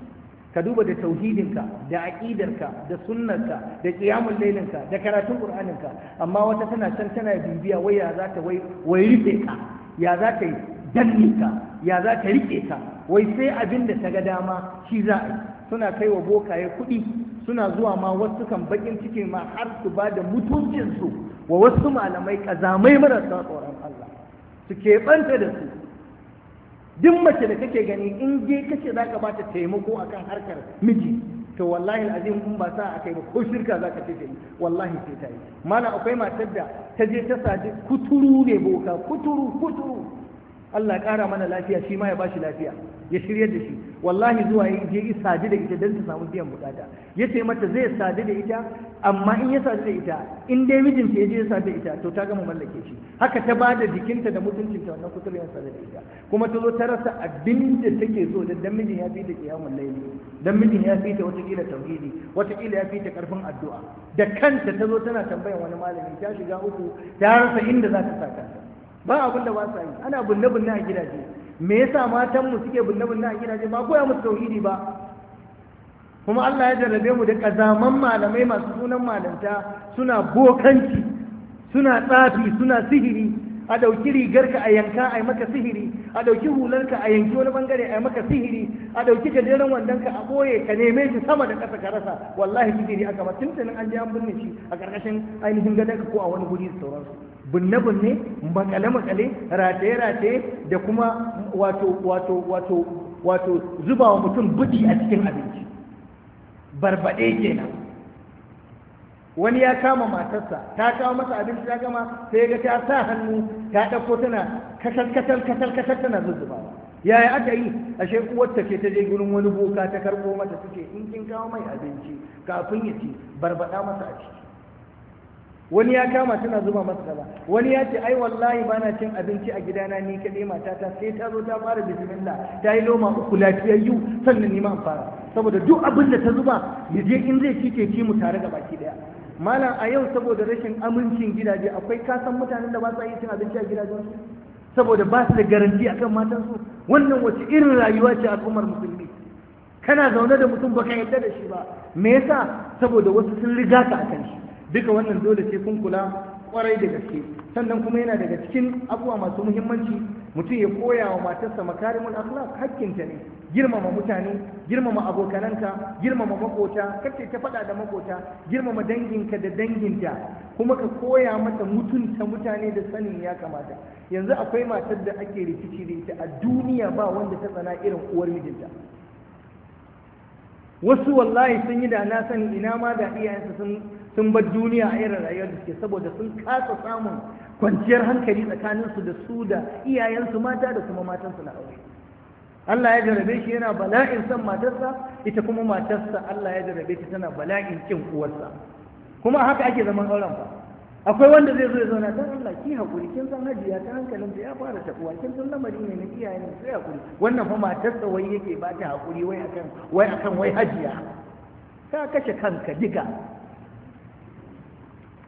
ka duba da tauhidinka da aƙidarka da sunnarka da ƙiyamun lailinka da karatun ƙur'aninka amma wata tana can tana bibiya wai ya za ta wai rufe ka ya za ta yi danne ka ya za ta riƙe ka wai sai abin da ta ga dama shi za a yi suna kai wa bokaye kuɗi suna zuwa ma wasu kan baƙin ciki ma har su ba da mutuncinsu wa wasu malamai ƙazamai marasa tsoron Allah su keɓanta da su duk mace da kake gani in je kace za ka bata taimako akan harkar miji to wallahi azim in ba sa akai ba ko shirka za ka ce ta wallahi sai ta yi mana akwai matar da ta je ta sadi, kuturu ne boka kuturu kuturu Allah ya ƙara mana lafiya shi ma ya bashi lafiya ya shiryar da shi wallahi zuwa ya je sadu da ita don ta samu biyan bukata ya ce mata zai sadu da ita amma in ya sadu da ita in dai mijinta ya je ya sadu da ita to ta gama mallake shi haka ta ba da jikinta da mutuncinta wannan kuturiyar sadu da ita kuma ta zo ta rasa abin da take so da dan mijin ya fi ta kiyamun laili dan mijin ya fi ta watakila tauhidi watakila ya fi ta karfin addu'a da kanta ta zo tana tambayar wani malami ta shiga uku ta rasa inda za ta sa kanta ba abin da ba sa yi ana binne bunne a gidaje me yasa matan mu suke binne bunne a gidaje ba koya musu tauhidi ba kuma Allah ya jarrabe mu da kazaman malamai masu sunan malanta suna bokanci suna tsafi suna sihiri a ɗauki ka a yanka a maka sihiri a ɗauki ka a yanki wani bangare a maka sihiri a ɗauki gajeren ka a boye ka neme shi sama da kasa ka rasa wallahi sihiri aka ba tuntunin an je an binne shi a karkashin ainihin gadonka ko a wani guri sauransu binne-binne makale-makale rataye-rataye da kuma wato wato zuba wa mutum budi a cikin abinci barbaɗe kenan wani ya kama matarsa ta kawo masa abinci ta gama sai ga ta sa hannu ta ɗauko tana kasar kasar kasar kasar tana zuzzubawa yaya aka yi a ashe uwarta ke ta je gurin wani boka ta karɓo mata suke in kin kawo mai abinci kafin ya ci barbaɗa masa a ciki wani ya kama tana zuba masa gaba wani ya ce ai wallahi bana cin abinci a gidana ni kaɗai matata sai ta zo ta fara bismillah ta yi loma uku lafiyayyu sannan ni ma fara saboda duk abin da ta zuba ya je in zai cike ki mu tare da baki daya malam a yau saboda rashin amincin gidaje akwai kasan mutanen da ba sa yi cin abinci a gidajensu saboda ba su da garanti akan matan su, wannan wace irin rayuwa ce al'ummar musulmi kana zaune da mutum baka yarda da shi ba me yasa saboda wasu sun riga ka akan shi duka wannan dole sai kun kula kwarai da gaske sannan kuma yana daga cikin abuwa masu muhimmanci mutum ya koya wa matarsa makarimul akhlaq hakkinta ne girmama mutane girmama abokananka girmama makota kace ta faɗa da makota girmama danginka da danginta kuma ka koya mata mutunta mutane da sanin ya kamata yanzu akwai matar da ake rikici da ita a duniya ba wanda ta tsana irin uwar mijinta wasu wallahi sun yi da na sani ina ma da iyayensa sun sun bar duniya a irin rayuwar da suke saboda sun kasa samun kwanciyar hankali tsakaninsu da su da iyayensu mata da kuma matansu na aure Allah ya jarabe shi yana bala'in son matarsa ita kuma matarsa Allah ya jarabe shi tana bala'in kin uwarsa kuma haka ake zaman auren fa akwai wanda zai zo ya zauna dan Allah ki hakuri kin san hajiya ta hankalin ya fara tabuwa kin san lamari ne na iyaye ne sai hakuri wannan fa matarsa wai yake ba ta hakuri wai akan wai akan wai hajiya ka kashe kanka diga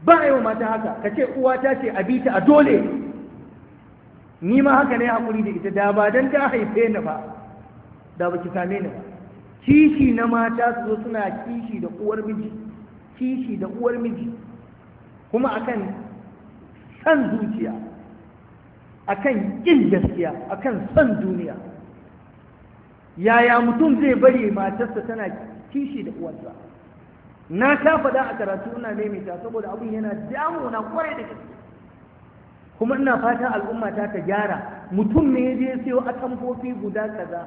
ba a yi wa mata haka ka ce uwata ce a bi ta a dole ni ma haka ne hakuri da ita da ba don ta haife ni ba da ba ki same ni ba kishi na mata su zo suna kishi da uwar miji kishi da uwar miji kuma akan san zuciya akan kin gaskiya akan san duniya yaya mutum zai bari matarsa tana kishi da uwarsa na sha faɗa a karatu ina maimaita saboda abun yana damuna kwarai da gaske kuma ina fata al'umma ta ta gyara mutum ne je sayo atamfofi guda kaza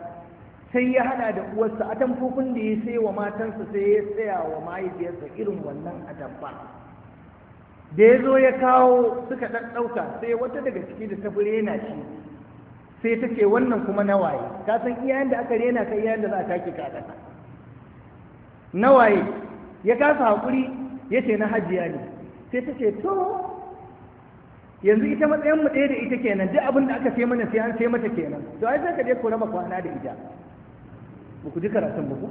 sai ya hada da uwarsa atamfofin da ya sayo wa matansa sai ya tsaya wa mahaifiyarsa irin wannan atamfa da ya zo ya kawo suka ɗauka sai wata daga ciki da ta na shi sai ta ce wannan kuma na waye, ka san iyayen da aka rena ka iyayen da za a take ka a waye nawaye ya kasa haƙuri ya ce na hajiya ne sai ta ce to yanzu ita matsayin mu ɗaya da ita kenan duk abin da aka sai mana sai an sai mata kenan to ai sai ka je ku raba kwana da ita ba ku ji karatun ba ku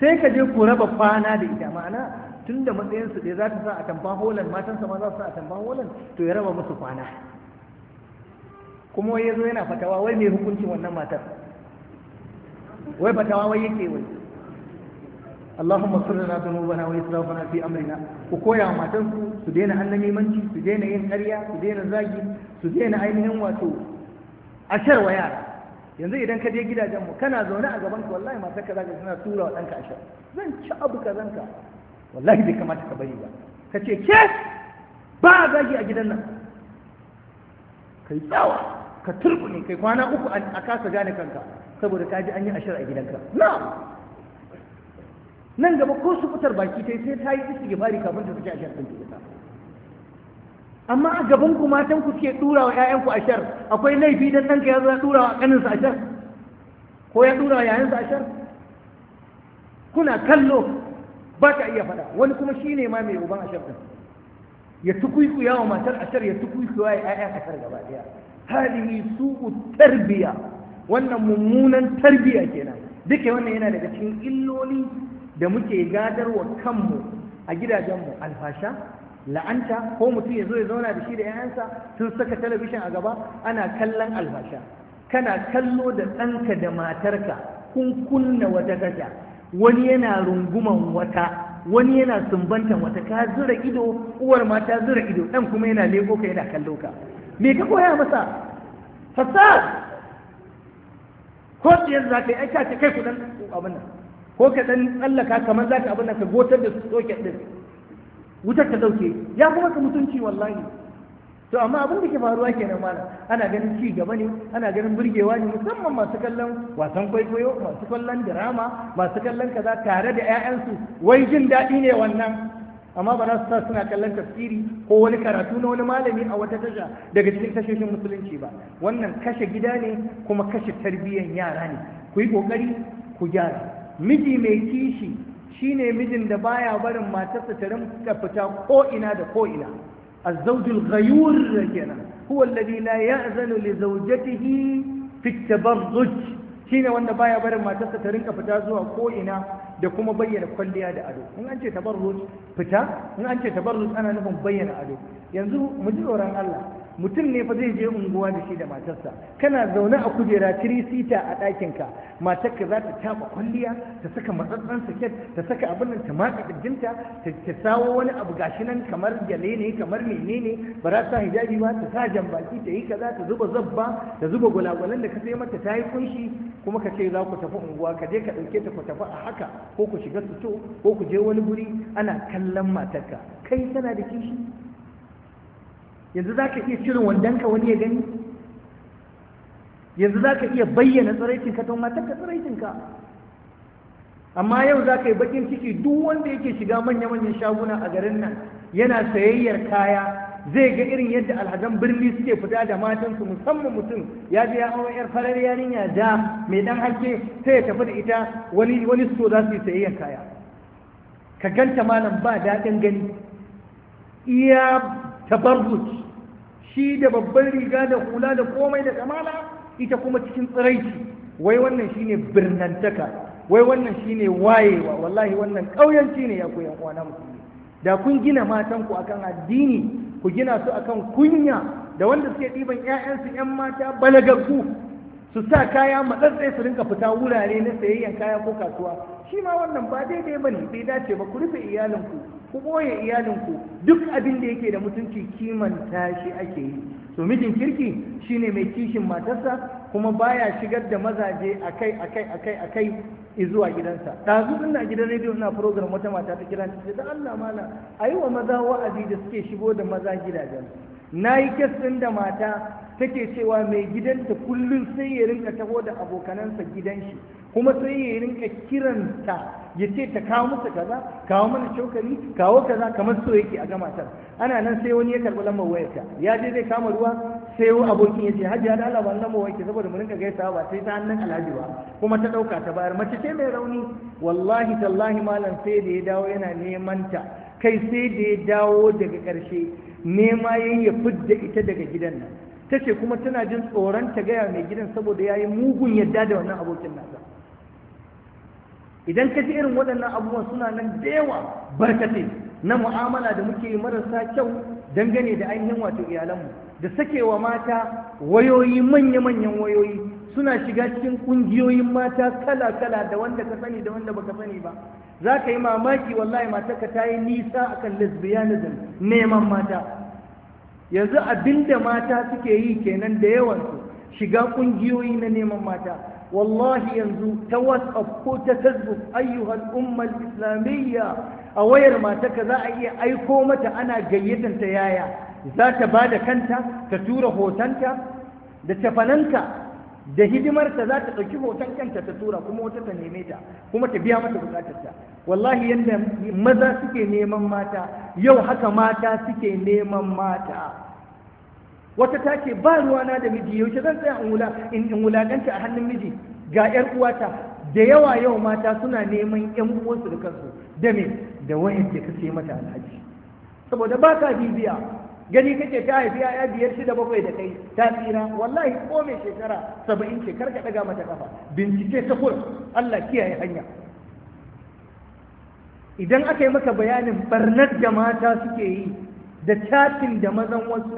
sai ka je ku raba kwana da ita ma'ana tun da matsayinsu ɗaya za ta sa a tamban holan matansa ma za su sa a tamban holan to ya raba musu kwana kuma wai ya zo yana fatawa wai mai hukuncin wannan matar wai fatawa wai yake wai اللهم اغفر لنا ذنوبنا واسرافنا في امرنا وكويا ماتن su daina annamimanci su daina yin karya, su daina zagi su daina ainihin wato ashar wa yara yanzu idan ka je gidajen mu kana zaune a gaban ka wallahi matar ka zaka suna tura wa danka zan ci abu ka zanka wallahi bai kamata ka bari ba ka ce ke ba zagi a gidan nan kai tsawa ka turbune kai kwana uku a kasa gane kanka saboda ka ji an yi ashar a gidanka na'am nan gaba ko su fitar baki ta yi, sai ta yi bari kafin ta fita a sharɗin ta amma a gaban ku matan ku suke dura wa ƴaƴan ku ashar akwai laifi dan ɗanka ya zo ya dura wa kaninsa ashar ko ya dura wa yayansa ashar kuna kallo ba ka iya faɗa wani kuma shine ma mai uban ashar din ya tukuikuya wa matar ashar ya tukuikuya ya ƴaƴan ashar gaba daya hadihi su'u tarbiya wannan mummunan tarbiya kenan duka wannan yana daga cikin illoli da muke gadarwa kanmu a gidajenmu alfasha la'anta ko mutum ya zo ya zauna da shi da 'ya'yansa sun saka talabishin a gaba ana kallon alfasha kana kallo da ɗanka da matarka kun kunna wata gasha. wani yana runguman wata wani yana sumbantan wata ka zura ido uwar ma zura ido ɗan kuma yana leko ka yana kallo ka me ka koya masa fasa ko tsayar za ka yi aika ta kai kudan abin nan ko ka dan tsallaka kamar zaka abin da ka gotar da socket din wutar ta dauke ya kuma ka mutunci wallahi to amma abin da ke faruwa kenan mana, ana ganin ci gaba ne ana ganin burgewa ne musamman masu kallon wasan kwaikwayo masu kallon drama masu kallon kaza tare da 'ya'yansu wai jin daɗi ne wannan amma ba za su sa suna kallon tafsiri ko wani karatu na wani malami a wata tasha daga cikin tashoshin musulunci ba wannan kashe gida ne kuma kashe tarbiyyar yara ne ku yi ƙoƙari ku gyara miji mai kishi shine mijin da baya barin matarsa ta rinka fita ko ina da ko ina azzawjul ghayur kenan huwa alladhi la ya'zanu li zawjatihi fi at-tabarruj shine wanda baya barin matarsa ta rinka fita zuwa ko ina da kuma bayyana kwalliya da ado in an ce tabarruj fita in an ce tabarruj ana nufin bayyana ado yanzu mu ji tsoron Allah mutum ne fa zai je unguwa da shi da matarsa kana zaune a kujera tirisita a ɗakinka matarka za ta taɓa kwalliya ta saka matsatsan saket ta saka abin nan ta matsa ƙirjinta ta sawo wani abu gashi nan kamar gyale ne kamar menene ba za ta hijabi ba ta sa jambaki ta yi kaza ta zuba zabba ta zuba gulagulan da ka sai mata ta yi kunshi kuma ka ce za ku tafi unguwa ka je ka ɗauke ta ku tafi a haka ko ku shiga suto, ko ku je wani guri ana kallon matarka kai tana da kishi yanzu za ka iya cirin wandonka wani ya gani yanzu za ka iya bayyana ka ta matar ka ka? amma yau za ka yi bakin ciki duk wanda yake shiga manya-manyan shaguna a garin nan yana sayayyar kaya zai ga irin yadda alhazan birni suke fita da matansu musamman mutum ya je ya aure yar farar yarinya da mai dan haske sai ya tafi da ita wani wani so za su yi sayayyar kaya ka ganta malam ba daɗin gani iya tabarruj shi da babban riga da kula da komai da kamala ita kuma cikin tsiraici wai wannan shine birnantaka wai wannan shine wayewa wallahi wannan ƙauyanci ne ya koyan uwana da kun gina matanku akan addini ku gina su akan kunya da wanda suke ɗiban 'ya'yansu 'yan mata balagaggu su sa kaya matsatsai su rinka fita wurare na sayayyan kaya ko kasuwa shi ma wannan ba daidai ba ne bai dace ba ku rufe iyalinku ku ɓoye iyalinku duk abin da yake da mutunci kimanta shi ake yi to mijin kirki shine mai kishin matarsa kuma baya shigar da mazaje akai akai akai akai zuwa gidansa ɗazu ina gidan rediyo ina program wata mata ta kira ce da Allah mala ayi wa maza wa'azi da suke shigo da maza gidajen na yi kes ɗin da mata take cewa mai gidanta kullum sai ya rinka taho da abokanansa gidan shi kuma sai ya rinka kiranta ya ce ta kawo musu kaza kawo mana cokali kawo kaza kamar so yake a gamatar ana nan sai wani ya karɓi lambar wayarta ya je zai kama ruwa sai wani abokin ya ce hajji ya dala ban lambar wayarki saboda mu rinka gaisa ba sai ta hannun alhaji ba kuma ta ɗauka ta bayar mace ce mai rauni wallahi tallahi malam sai da ya dawo yana neman ta kai sai da ya dawo daga karshe nema yayi ya fidda ita daga gidan nan Take kuma tana jin tsoron ta gaya mai gidan saboda ya yi mugun yadda da wannan abokin nasa idan ka ji irin waɗannan abubuwan suna nan da yawa barkatai na mu'amala da muke marasa kyau dangane da ainihin wato iyalanmu da sakewa mata wayoyi manya-manyan wayoyi suna shiga cikin ƙungiyoyin mata kala-kala da wanda ka sani da wanda baka sani ba za ka yi mamaki wallahi matarka ta yi nisa akan lesbianism neman mata yanzu abinda mata suke yi kenan da yawansu shiga kungiyoyi na neman mata wallahi yanzu ta whatsapp ko ta facebook ayyuhal ummal islamiyya a wayar ka za a iya aiko mata ana ta yaya za ta ba da kanta ta tura hotonta da tafananta da hidimarta za ta ɗauki hoton kanta ta tura kuma wata ta neme ta kuma ta biya mata bukatarta wallahi yadda maza suke neman mata yau haka mata suke neman mata wata ta ce ba ruwana da miji yaushe zan tsaya in wulaƙanta a hannun miji ga 'yar uwata da yawa yau mata suna neman 'yan uwansu da kansu da me da wayan ke kace mata alhaji saboda ba ka bibiya gani kake ta haifi ya biyar shida bakwai da kai ta tsira wallahi ko mai shekara saba'in shekar ka daga mata kafa bincike ta Allah kiyaye hanya idan aka yi maka bayanin barnar da mata suke yi da catin da mazan wasu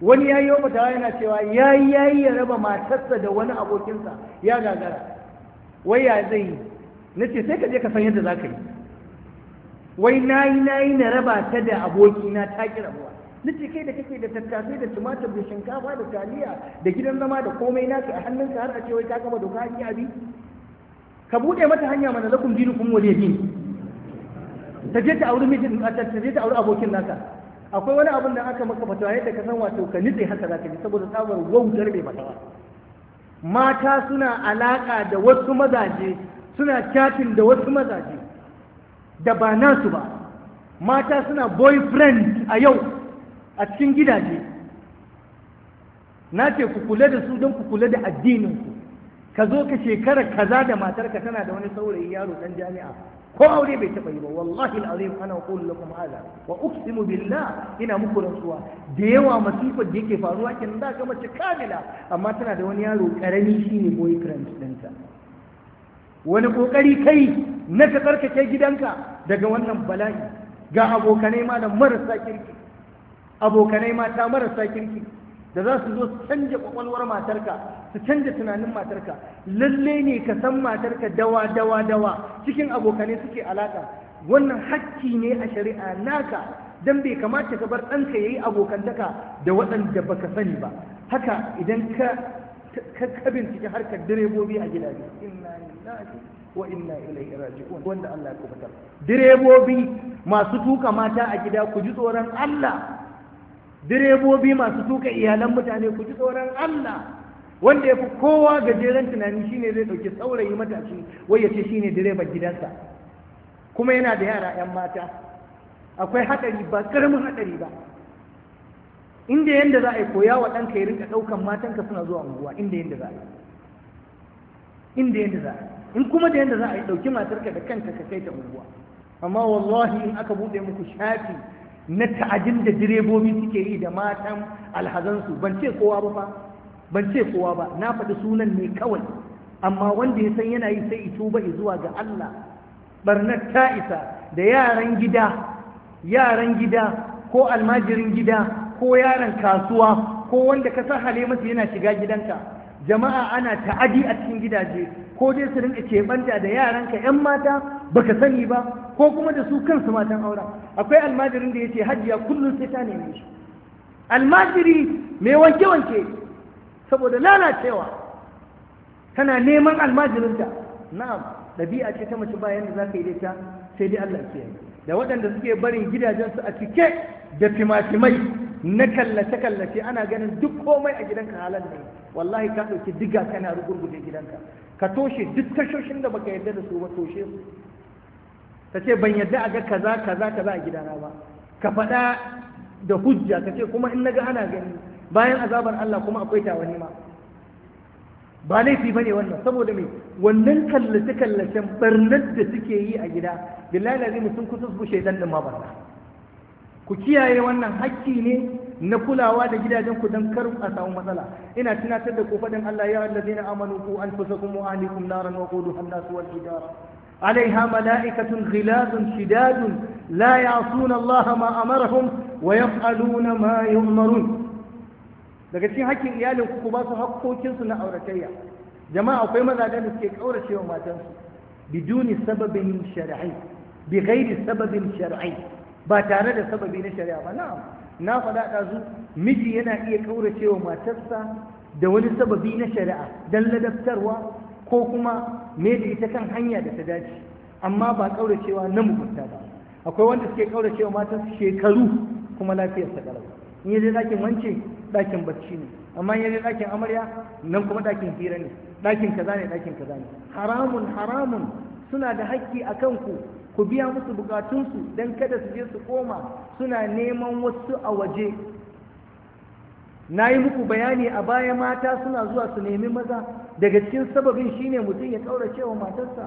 wani ya yi wa mutawa yana cewa ya yi ya yi ya raba matarsa da wani abokinsa ya gagara wai ya zai yi na ce sai ka je ka san yadda za ka yi wai na yi na yi na raba ta da abokina ta kira rabuwa na ce kai da kake da tattasai da tumatir da shinkafa da taliya da gidan zama da komai na a hannunka har a ce wai ka gama doka an abi ka buɗe mata hanya mana lakum dinukum waliyadin ta je ta auri mijin ta je ta auri abokin naka akwai wani abin da aka maka fatawa yadda ka san wato ka nitse haka zaka ji saboda tsabar wautar mai fata mata suna alaka da wasu mazaje suna chatting da wasu mazaje da ba nasu ba mata suna boyfriend a yau a cikin gidaje na ce ku kula da su don ku kula da addininku ka zo ka shekara kaza da matarka tana da wani saurayi yaro dan jami'a ko aure bai taɓa yi ba wallahi al'azim ana qulu lakum hada wa uqsimu billah ina muku rantsuwa da yawa masifar da yake faruwa kin da ga mace kamila amma tana da wani yaro karami shine boy cramps dinta wani kokari kai na ka tsarkake gidanka daga wannan bala'i ga abokanai ma da marasa kirki abokanai mata marasa kirki da za su zo su canja kwakwalwar matarka su canja tunanin matarka lalle ne ka san matarka dawa dawa dawa cikin abokanai suke alaka wannan hakki ne a shari'a naka dan bai kamata ka bar ɗanka ya yi abokantaka da waɗanda baka sani ba haka idan ka ka harkar direbobi a gidaje inna lillahi wa inna ilaihi raji'un wanda Allah ya kubutar direbobi masu tuka mata a gida ku ji tsoron Allah direbobi masu tuka iyalan mutane ku ji tsoron Allah wanda ya fi kowa gajeren tunani shine zai ɗauki saurayi matashi wai ya ce shine direban gidansa kuma yana da yara 'yan mata akwai haɗari ba ƙaramin haɗari ba inda yadda za a yi koya wa ɗanka ya rinka ɗaukan matanka suna zuwa unguwa inda yadda za a yi inda yadda za a yi in kuma da yadda za a yi ɗauki matarka da kanka ka kai ta unguwa amma wallahi in aka buɗe muku shafi na ta'adin da direbobi suke yi da matan alhazansu ban ce kowa ba ban ce kowa ba na faɗi sunan ne kawai amma wanda ya san yana yi sai ito ba zuwa ga Allah barnar ta isa da yaran gida yaran gida ko almajirin gida ko yaran kasuwa ko wanda ka hale masa yana shiga gidanka jama'a ana ta'adi a cikin gidaje ko dai su rinka keɓanta da yaranka 'yan mata baka sani ba ko kuma da su kansu matan auren akwai almajirin da ya ce hajiya kullum sai ta neme shi almajiri mai wanke-wanke saboda lalacewa tana neman almajirinta na'am ɗabi'a ce ta mace bayan da za ka yi ta sai dai Allah ke da waɗanda suke barin gidajensu a cike da fimafimai na kallace-kallace ana ganin duk komai a gidanka halal ne wallahi ka ɗauki diga kana rugurguje gidanka ka toshe duk tashoshin da baka yarda da su ba toshe su ka ce ban yarda a ga kaza kaza kaza a gidana ba ka faɗa da hujja ka ce kuma in na ga ana gani bayan azabar Allah kuma akwai tawani ma ba laifi bane wannan saboda me wannan kallace kallacen barnar da suke yi a gida billahi lazimi sun kusa su shaidan din ma barna ku kiyaye wannan hakki ne na kulawa da gidajen ku dan kar a samu matsala ina tunatar da ku faɗin Allah ya allazina amanu ku anfusakum wa ahlikum naran wa quduha an-nas wal hijara عليها ملائكة غلاظ شداد لا يعصون الله ما أمرهم ويفعلون ما يؤمرون daga cikin hakkin iyalin ku ba su hakkokin su na auratayya jama'a akwai mazajen da suke kaurace wa matansu biduni sababin shar'i bi ghairi sababin shar'i ba tare da sababi na shari'a ba na'am na faɗa ɗazu miji yana iya ƙauracewa matarsa da wani sababi na shari'a don ladabtarwa ko kuma me da ita kan hanya da ta dace amma ba ƙauracewa na mugunta ba akwai wanda suke ƙauracewa matarsa shekaru kuma lafiyar ta ƙarar in yaje ɗakin wance ɗakin bacci ne amma in yaje ɗakin amarya nan kuma ɗakin hira ne ɗakin kaza ne ɗakin kaza ne haramun haramun suna da hakki a kanku ku biya musu bukatunsu don kada su je su koma suna neman wasu a waje na yi muku bayani a baya mata suna zuwa su nemi maza daga cikin sababin shine mutum ya ƙaurace wa matarsa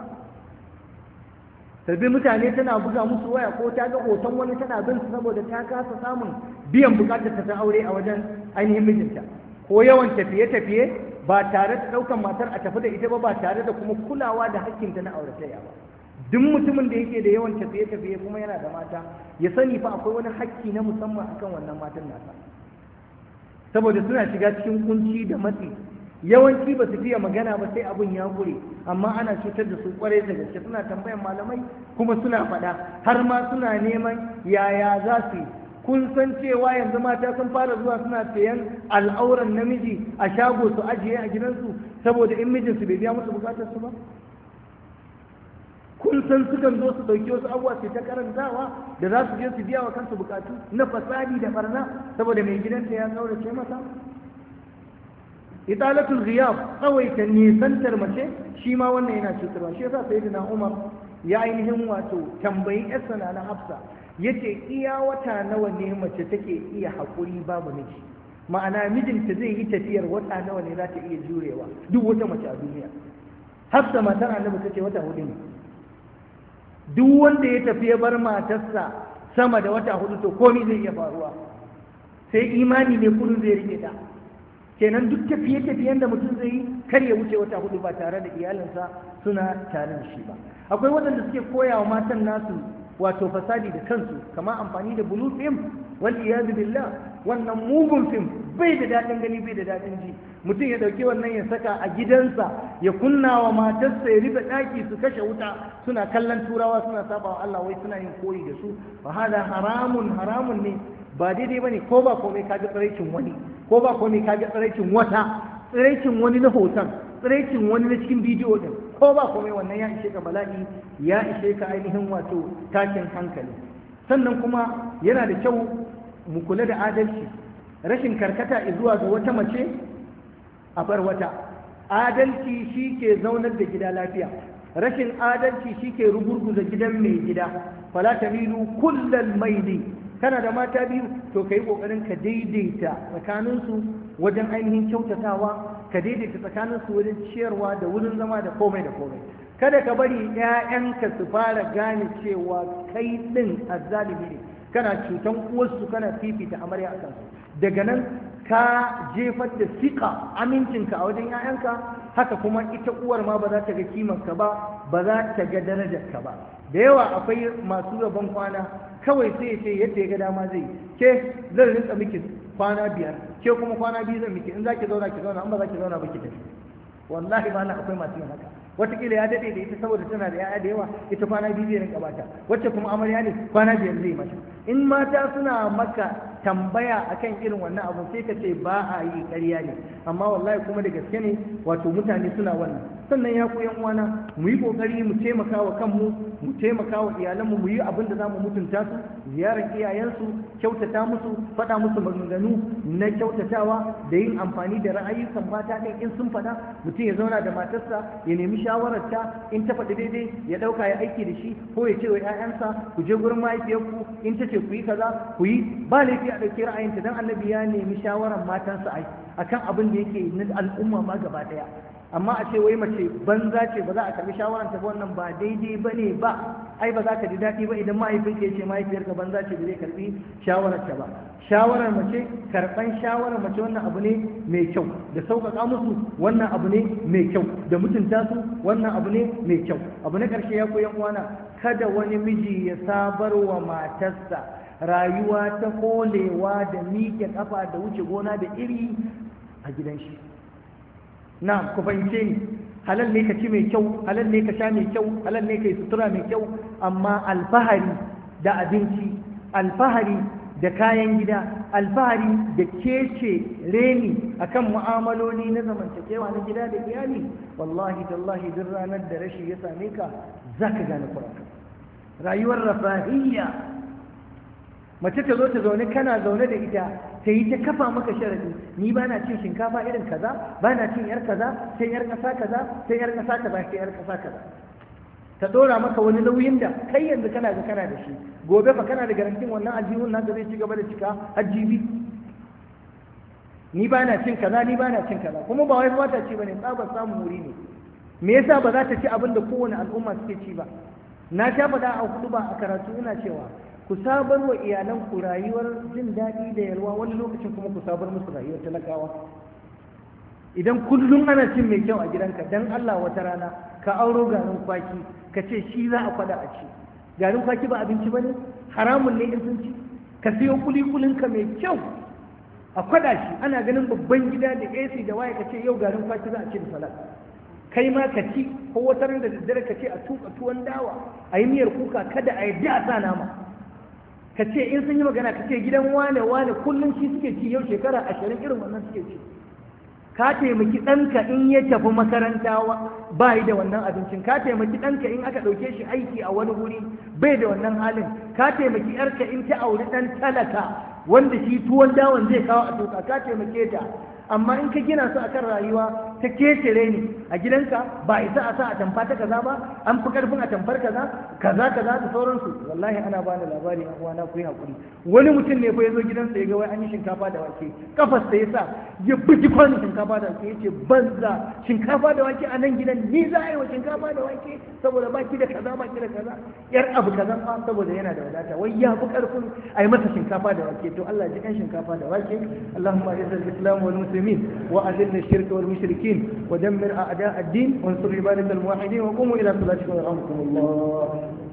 tarbi mutane tana buga musu waya ko ta ga hoton wani tana bin su saboda ta kasa samun biyan bukatar ta aure a wajen ainihin mijinta ko yawan tafiye-tafiye ba tare da daukan matar a tafi da ita ba ba tare da kuma kulawa da hakkinta na auratayya ba duk mutumin da yake da yawan tafiye-tafiye kuma yana da mata ya sani fa akwai wani hakki na musamman akan wannan matan nasa saboda suna shiga cikin kunci da matsi yawanci ba su fiye magana ba sai abin ya gure amma ana cutar da su kwarai da gaske suna tambayan malamai kuma suna faɗa har ma suna neman yaya za su yi kun san cewa yanzu mata sun fara zuwa suna sayan al'auran namiji a shago su ajiye a gidansu saboda in mijinsu bai biya musu bukatarsu ba kun san sukan zo su ɗauki wasu abubuwa su ta karantawa da za su je su biya wa kansu bukatu na fasadi da barna saboda mai gidanta ya kaurace masa? italatul ghiyab tsawaita nisantar mace shi ma wannan yana cutarwa shi yasa na umar ya ainihin wato tambayi yarsa na hafsa yace iya wata nawa ne mace take iya hakuri babu miji ma'ana mijinta zai yi tafiyar wata nawa ne za ta iya jurewa duk wata mace a duniya hafsa matar annabi tace wata hudu ne duk wanda ya tafi ya bar matarsa sama da wata hudu to komai zai iya faruwa sai imani ne kullum zai rike ta kenan duk tafiye tafiyen da mutum zai yi kar ya wuce wata hudu ba tare da iyalinsa suna tare da shi ba akwai waɗanda suke koya wa matan nasu wato fasadi da kansu kamar amfani da bulu film wal iyadu billah wannan mugun fim bai da daɗin gani bai da daɗin ji mutum ya ɗauki wannan ya saka a gidansa ya kunna wa matarsa ya rufe ɗaki su kashe wuta suna kallon turawa suna saba wa Allah wai suna yin koyi da su fa hada haramun haramun ne ba daidai bane ko ba komai ka ga tsiraicin wani ko ba komai ka ga tsiraicin wata tsiraicin wani na hoton tsiraicin wani na cikin bidiyo din ko ba komai wannan ya ishe ka bala'i ya ishe ka ainihin wato takin hankali sannan kuma yana da kyau mu kula da adalci rashin karkata zuwa ga wata mace a bar wata adalci shi ke zaunar da gida lafiya rashin adalci shi ke rugurguza gidan mai gida fala milu kullal maili kana da mata biyu to kai kokarin ka daidaita tsakaninsu wajen ainihin kyautatawa ka daidaita tsakaninsu wajen ciyarwa da wurin zama da komai da komai kada ka bari 'ya'yanka su fara gane cewa kai din azzalimi ne kana cutan uwarsu kana fifita amarya akan su daga nan ka jefar da siƙa amincinka a wajen 'ya'yanka haka kuma ita uwar ma ba za ta ga kimanka ba ba za ta ga darajarka ba da yawa akwai masu rabon kwana kawai sai ce yadda ya ga dama zai ke zan rinka miki kwana biyar ke kuma kwana biyu zan miki in za ki zauna ki zauna in ba za ki zauna ba ki tafi wallahi ba akwai masu yin haka watakila ya daɗe da ita saboda tana da ya'ya da yawa ita kwana biyu zai rinka bata wacce kuma amarya ne kwana biyar zai mata in mata suna maka tambaya akan irin wannan abu sai ka ce ba a yi ƙarya ne amma wallahi kuma da gaske ne wato mutane suna wannan sannan ya ku uwana mu yi kokari mu taimaka wa kanmu mu taimaka wa iyalanmu mu yi abin da za mu mutunta su ziyarar iyayensu kyautata musu faɗa musu maganganu na kyautatawa da yin amfani da ra'ayyukan mata ɗin in sun faɗa mutum ya zauna da matarsa ya nemi shawararta in ta faɗi daidai ya ɗauka ya aiki da shi ko ya ce wa 'ya'yansa ku je gurin mahaifiyarku in ta ce ku yi kaza ku yi ba laifi je a ɗauki ra'ayinta don annabi ya nemi shawarar matansa ai akan abin da yake na al'umma ma gaba ɗaya amma a ce wai mace banza ce ba za a karbi shawarar ta wannan ba daidai ba ne ba ai ba za ka ji daɗi ba idan mahaifinka ya ce mahaifiyarka banza ce ba zai karbi shawarar ta ba shawarar mace karban shawarar mace wannan abu ne mai kyau da sauƙaƙa musu wannan abu ne mai kyau da mutunta su wannan abu ne mai kyau abu na ƙarshe ya koyan uwana kada wani miji ya sabarwa matarsa rayuwa ta kolewa da miƙe kafa da wuce gona da iri a gidan shi na kufance ni halal ne ka ci mai kyau halal ne ka sha mai kyau halal ne ka yi sutura mai kyau amma alfahari da abinci alfahari da kayan gida alfahari da kece reni akan mu'amaloli na zamantakewa na gida da iyali wallahi tallahi duk ranar da rashi ya same ka zaka gane kuranka rayuwar rafahiyya mace ta zo ta zaune kana zaune da ita ta yi ta kafa maka sharadi ni ba na cin shinkafa irin kaza ba na cin yar kaza sai yar kasa kaza sai yar kasa kaza sai yar kasa kaza ta dora maka wani nauyin da kai yanzu kana da kana da shi gobe fa kana da garantin wannan aljihun da zai ci gaba da cika ajibi ni ba na cin kaza ni ba na cin kaza kuma ba wai mata ce bane tsabar samun wuri ne me yasa ba za ta ci abin da kowane al'umma suke ci ba na sha faɗa a hudu ba a karatu ina cewa ku sabar wa ku rayuwar jin daɗi da yalwa wani lokacin kuma ku sabar musu rayuwar talakawa idan kullum ana cin mai kyau a gidanka dan Allah wata rana ka auro garin kwaki ka ce shi za a kwada a ci garin kwaki ba abinci bane haramun ne in sun ci ka siyo kulikulin ka mai kyau a kwada shi ana ganin babban gida da AC da waya ka ce yau garin kwaki za a ci da salat kai ma ka ci ko wata ran da daddare ka ce a tuka tuwon dawa a yi miyar kuka kada a yi a sa nama ka ce in sun yi magana ka ce gidan wane wane kullum shi suke ci yau shekara ashirin irin wannan suke ci ka taimaki ɗanka in ya tafi makaranta ba yi da wannan abincin ka taimaki ɗanka in aka ɗauke shi aiki a wani wuri bai da wannan halin ka taimaki yarka in ta auri ɗan talaka wanda shi tuwon dawon zai kawo a tuka ka taimake ta amma in ka gina su akan rayuwa ta kecere ni a gidanka ba isa a sa a tamfa ta kaza ba an fi karfin a tamfar kaza kaza kaza da sauransu wallahi ana bani labari a uwana ku yi hakuri wani mutum ne fa ya zo gidansa ya ga wai an yi shinkafa da wake kafas ta ya ya buji kwan shinkafa da wake yace banza shinkafa da wake a nan gidan ni za a yi wa shinkafa da wake saboda baki da kaza baki da kaza yar abu kaza fa saboda yana da wadata wai ya fi karfin a yi masa shinkafa da wake to Allah ji kan shinkafa da wake Allahumma izzil islam wal muslimin wa azil shirka wal mushrikin المشركين ودمر أعداء الدين وانصر عبادة الموحدين وقوموا إلى صلاتكم يرحمكم الله